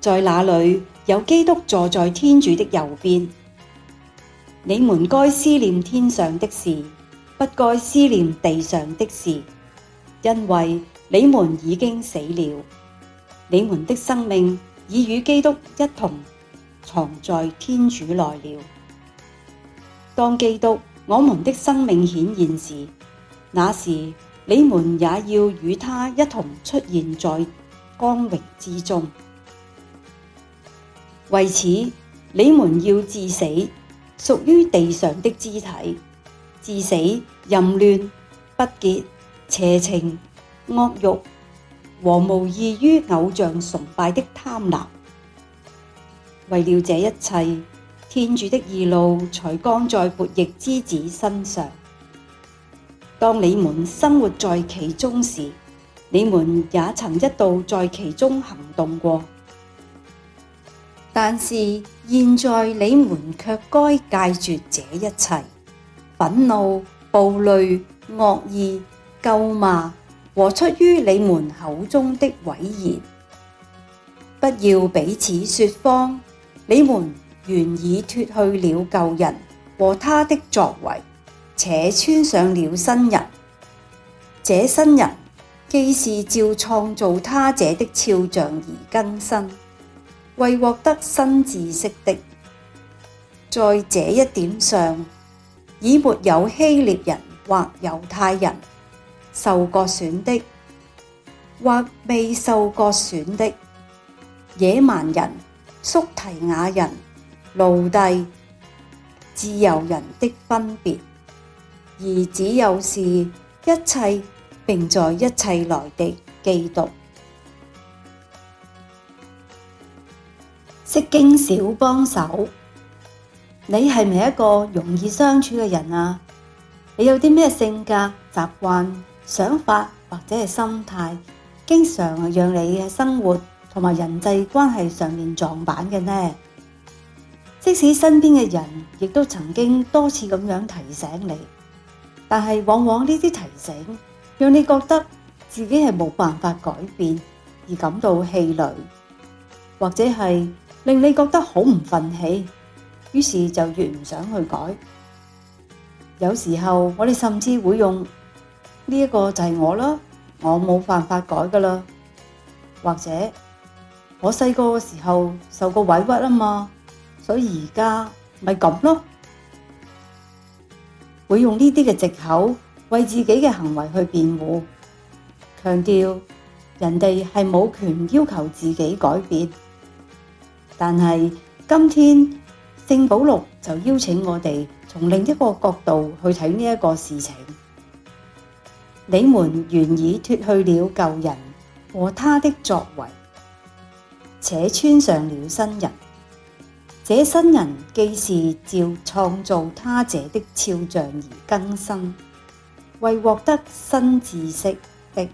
在那裡有基督坐在天主的右邊，你們該思念天上的事，不該思念地上的事，因為你們已經死了，你們的生命已與基督一同藏在天主內了。當基督，我們的生命顯現時，那時你們也要與他一同出現在光榮之中。為此，你們要致死，屬於地上的肢體，致死、淫亂、不潔、邪情、惡慾和無異於偶像崇拜的貪婪。為了這一切，天主的義怒纔降在悖逆之子身上。當你們生活在其中時，你們也曾一度在其中行動過。但是現在你們卻該戒絕這一切，忿怒、暴戾、惡意、詬罵和出於你們口中的穢言。不要彼此說謊。你們原已脱去了舊人和它的作為，且穿上了新人。這新人既是照創造他者的肖像而更新。為獲得新知識的，在這一點上，已沒有希臘人或猶太人，受割損的或未受割損的，野蠻人、叔提雅人、奴隸、自由人的分別，而只有是一切並在一切內的基督。釋經小幫手，你係咪一個容易相處嘅人啊？你有啲咩性格、習慣、想法或者係心態，經常係讓你喺生活同埋人際關係上面撞板嘅呢？即使身邊嘅人亦都曾經多次咁樣提醒你，但係往往呢啲提醒讓你覺得自己係冇辦法改變，而感到氣餒，或者係，令你覺得好唔忿氣，於是就越唔想去改。有時候我哋甚至會用呢一個就係我啦，我冇辦法改㗎啦。或者我細個嘅時候受過委屈啊嘛，所以而家咪咁咯。會用呢啲嘅借口為自己嘅行為去辯護，強調人哋係冇權要求自己改變。但係，今天聖保祿就邀請我哋從另一個角度去睇呢一個事情。你們原已脫去了舊人和它的作為，且穿上了新人。這新人既是照創造他者的肖像而更新，為獲得新知識的。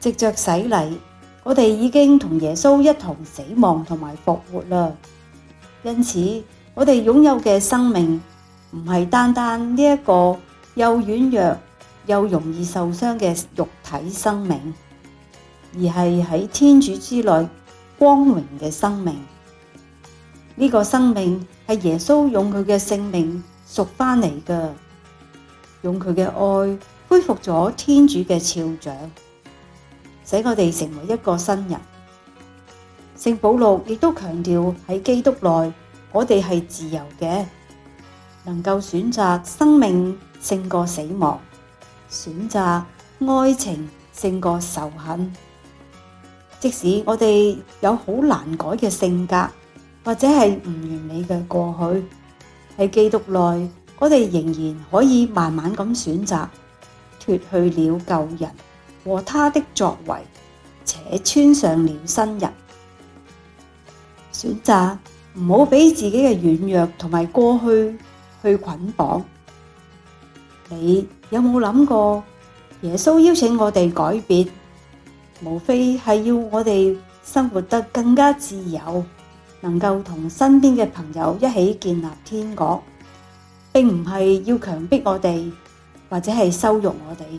藉着洗禮，我哋已經同耶穌一同死亡同埋復活啦，因此我哋擁有嘅生命唔係單單呢一個又軟弱又容易受傷嘅肉體生命，而係喺天主之內光榮嘅生命。呢、這個生命係耶穌用佢嘅性命贖翻嚟嘅，用佢嘅愛恢復咗天主嘅肖像。使我哋成為一個新人。聖保祿亦都強調喺基督內，我哋係自由嘅，能夠選擇生命勝過死亡，選擇愛情勝過仇恨。即使我哋有好難改嘅性格，或者係唔完美嘅過去，喺基督內，我哋仍然可以慢慢咁選擇脫去了舊人，和他的作為，且穿上了新人，選擇，唔好俾自己嘅軟弱同埋過去去捆綁。你有冇諗過？耶穌邀請我哋改變，無非係要我哋生活得更加自由，能夠同身邊嘅朋友一起建立天國，並唔係要強迫我哋，或者係羞辱我哋。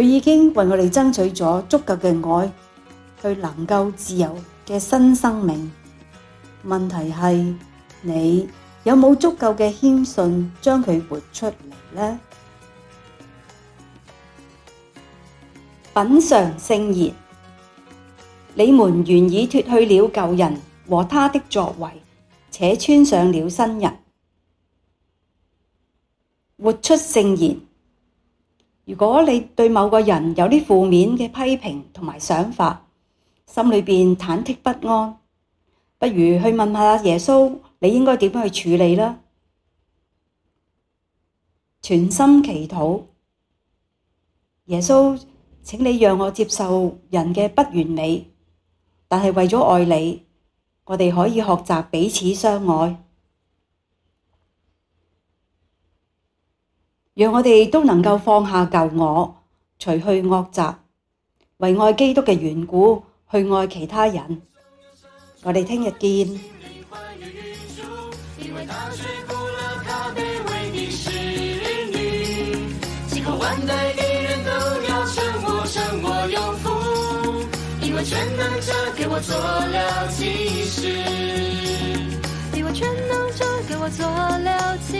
佢已經為我哋爭取咗足夠嘅愛，佢能夠自由嘅新生命。問題係你有冇足夠嘅謙遜將佢活出嚟呢？品嚐聖言，你們原已脫去了舊人和它的作為，且穿上了新人，活出聖言。如果你對某個人有啲負面嘅批評同埋想法，心裏邊忐忑不安，不如去問下耶穌，你應該點樣去處理啦？全心祈禱，耶穌，請你讓我接受人嘅不完美，但係為咗愛你，我哋可以學習彼此相愛。讓我哋都能夠放下舊我，除去惡習，為愛基督嘅緣故，去愛其他人。我哋聽日見。